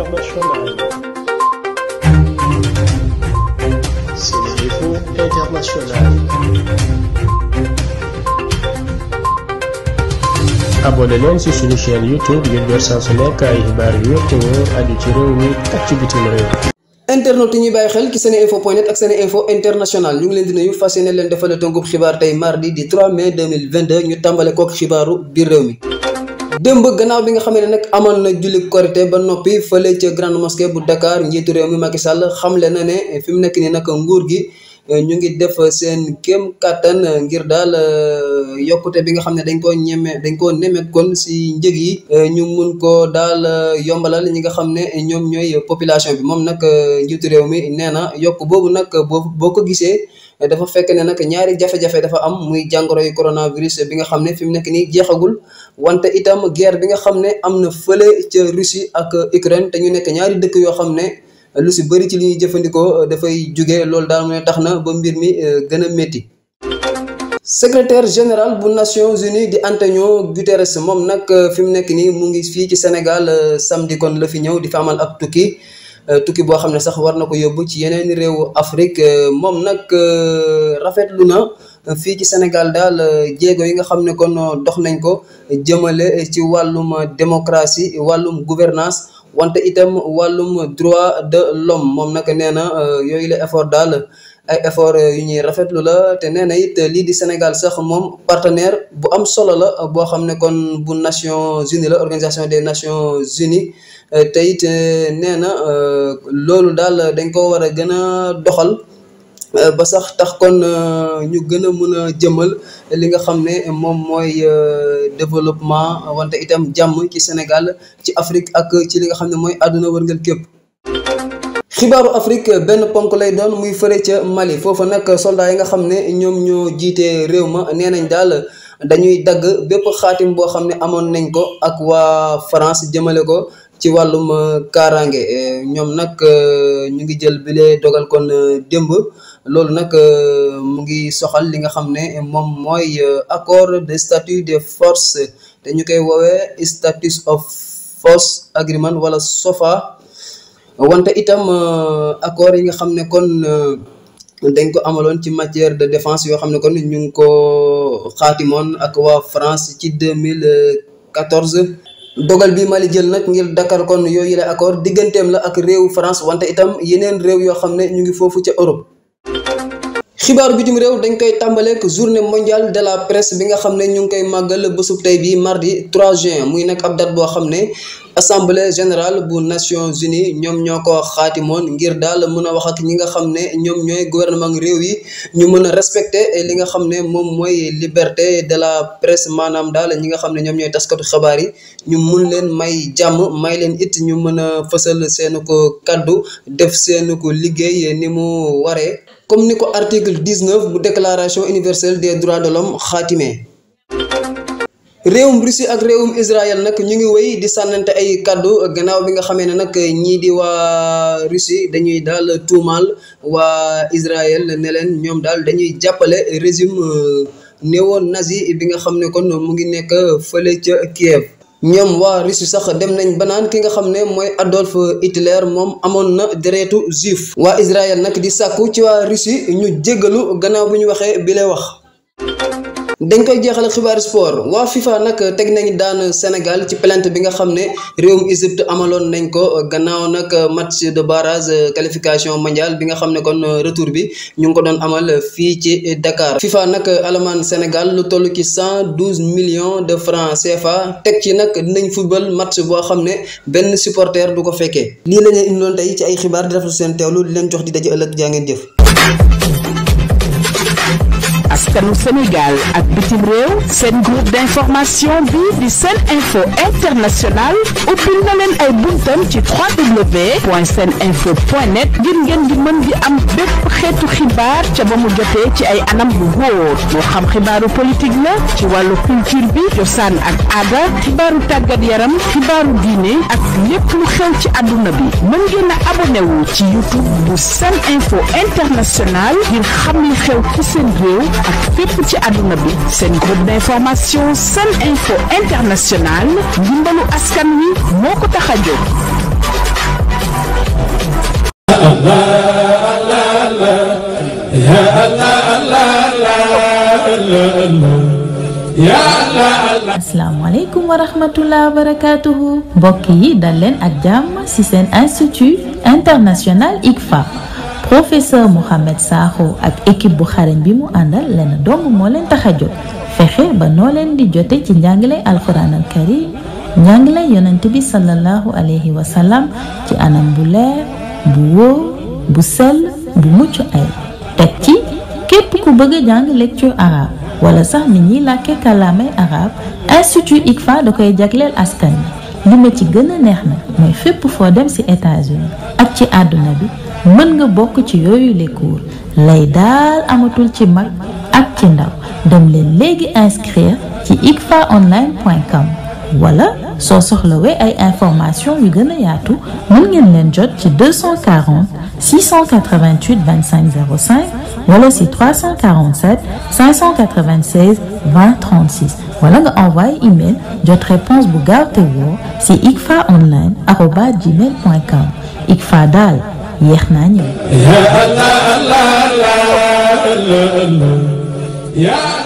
internationale. Sénéinfo International. abonné leen ci suñu chaîne YouTube ngir jot su nekk xibaar yu wér te wóor aju ci réew mi ak ci bitim réew. internet yi ñuy bàyyi ñu ngi leen di nuyu fas yéene leen defal tënkub xibaar tey mardi di 3 mai 2022 ñu tàmbale kook xibaaru biir réew mi. dëmb gannaaw bi nga xam ne nag amal na julli korité ba noppi fële ca grande mosquée bu Dakar njiitu réew mi Macky Sall xamle na ne fi mu nekk nii nag nguur gi euh, ñu ngi def seen kéem kattan ngir daal euh, yokkute bi nga xam ne dañ koo ñeme dañ koo neme kon si njëg yi euh, ñu mun ko daal yombalal ñi nga xam ne ñoom ñooy population bi moom nag njiitu réew mi nee na yokk boobu nag boo boo ko gisee. dafa fekk ne nag ñaari jafe-jafe dafa am muy jàngoro yu coronavirus bi nga xam ne fi mu nekk nii jeexagul wante itam guerre bi nga xam ne am na fële ca Russie ak Ukraine te ñu nekk ñaari dëkk yoo xam ne lu si bëri ci li ñuy jëfandikoo dafay jóge loolu daal mooy tax na ba mbir mi euh, gën a métti. secrétaire général bu Nations Unies di Antonio Guterres moom nag euh, fi mu nekk nii mu ngi fii ci Sénégal euh, samedi kon la fi ñëw di fa amal ab tukki. Euh, tukki boo xam ne sax war na ko yóbbu ci yeneen réew Afrique euh, moom nag euh, rafetlu na fii ci Sénégal daal jéego yi nga xam ne kon dox nañ ko jëmale ci wàllum démocratie wàllum gouvernance wante itam wàllum droit de l'homme moom nag nee na yooyu la effort daal ay effort euh, yu ñuy rafetlu la te nee na it lii di Sénégal sax moom partenaire bu am solo la boo xam ne kon bu Nations Unies la organisation des Nations Unies euh, te it euh, nee na loolu daal dañ ko war a gën a doxal ba sax tax kon ñu gën a mën a jëmal li nga xam ne moom mooy développement wante itam jàmm ci Sénégal ci Afrique ak ci li nga xam ne mooy àdduna wërngal képp xibaaru Afrique benn ponk lay doon muy fële ca Mali foofa nag soldat yi nga xam ne ñoom ñoo jiite réew ma nee nañ daal dañuy dagg bépp xaatim boo xam ne amoon nañ ko ak waa France jëmale ko ci wàllum euh, kaaraange euh, ñoom nag euh, ñu ngi jël bile dogal kon démb loolu nag mu ngi soxal li nga xam ne moom mooy accord de statut des force dañu ñu koy woowee status of force agreement wala SOFA. wante itam euh, accord yi nga xam ne kon euh, dañ ko amaloon ci matière de défense yoo xam ne kon ñu ngi ko xaatimoon ak waa France ci deux mille 2014 dogal bi Mali jël nag ngir Dakar kon yooyu la accord digganteem la ak réew France wante itam yeneen réew yoo xam ne ñu ngi foofu ca Europe xibaaru bitim réew dañ koy tàmbaleek journée mondiale de la presse bi nga xam ne ñu ngi koy màggal bésub tey bii mardi 3 juin muy nag ab date boo xam ne assemblée générale bu nations unies ñoom ñoo ko xaatimoon ngir daal mën a wax ak ñi nga xam ne ñoom ñooy gouvernement réew yi ñu mën a respecter li nga xam ne moom mooy liberté de la presse maanaam daal ñi nga xam ne ñoom ñooy taskatu xabaar yi ñu mun leen may jàmm may leen it ñu mën a fësal seenu ko kaddu def seen ko liggéey ni mu waree. comme ni ko article 19 bu déclaration universelle des droits de l'homme xaatimee réewum Russie ak réewum Israël nag ñu ngi woy di sànnante ay kàddu gannaaw bi nga xamee ne nag ñii di waa Russie dañuy daal tuumaal waa Israël ne leen ñoom daal dañuy jàppale régime euh, néo-nazi bi nga xam ne kon mu ngi nekk fële ca Kiev ñoom waa Russie sax dem nañu ba naan ki nga xam ne mooy Adolf Hitler moom amoon na deretu juif waa Israël nag di sàkku ci waa Russie ñu jéggalu gannaaw bu ñu waxee bi wax dañ koy jeexal xibaar sport waa FIFA nag teg nañ daan Sénégal ci plainte bi nga xam ne réew mu Égypte amaloon nañ ko gannaaw nag match de barrage qualification mondial bi nga xam ne kon retour bi ñu ngi ko doon amal fii ci Dakar FIFA nag alamaan Sénégal lu toll ci cent douze millions de francs CFA teg ci nag dinañ football match boo xam ne benn supporter du ko fekkee lii la ñu indiloon tey ci ay xibaar di rafetlu seen teewlu di leen jox di daje ëllëg jaa ngeen jëf. askanu Sénégal ak bitim seen d'information bi di seen info international seen info point net ngir ngeen di mën di am bépp xeetu xibaar ca ba mu jotee ci ay anam bu wóor moo xam xibaaru politique la ci wàllu culture bi cosaan ak aada xibaaru tàggat yaram xibaaru diine ak lépp lu xew ci àdduna bi mën ngeen a ci YouTube bu seen info international ngir xam li xew ci seen réew ak fépp ci àdduna bi seen groupe d'information seen info international ndimbalu askan wi moo ko tax a jóg. asalaamaaleykum wa rahmatullah wa barakaatuhu mbokk yi dal leen ak jàmm ci seen institut international ICFA professeur Mouhamed Sakho ak équipe bu xarañ bi mu àndal lenn dong moo leen tax a jot fexe ba noo leen di jote ci njàngilay alquran al karim njàngilay yonent bi sallallahu alayhi wa sallam ci anam bu leer bu wóor bu sell bu mucc ay teg ci képp ku bëgg jàng lektu arabe wala sax nit ñuy làkke kàllaamay arabe institut igfa da koy jagleel askan bi li ci gën a neex na mooy fépp foo dem si états ak ci àdduna bi mën nga bokk ci yooyu les cours lay daal amatul ci mag ak ci ndaw dem leen léegi inscrire ci icfaonline.com wala soo soxlawee ay information yu gën a yaatu mën ngeen leen jot ci 240 688 25 05 wala si 347 596 20 36 wala nga envoyé email jot réponse bu gaaw te wóor si icfaonline arobas gmail com icfa daal yéex naa ñëw.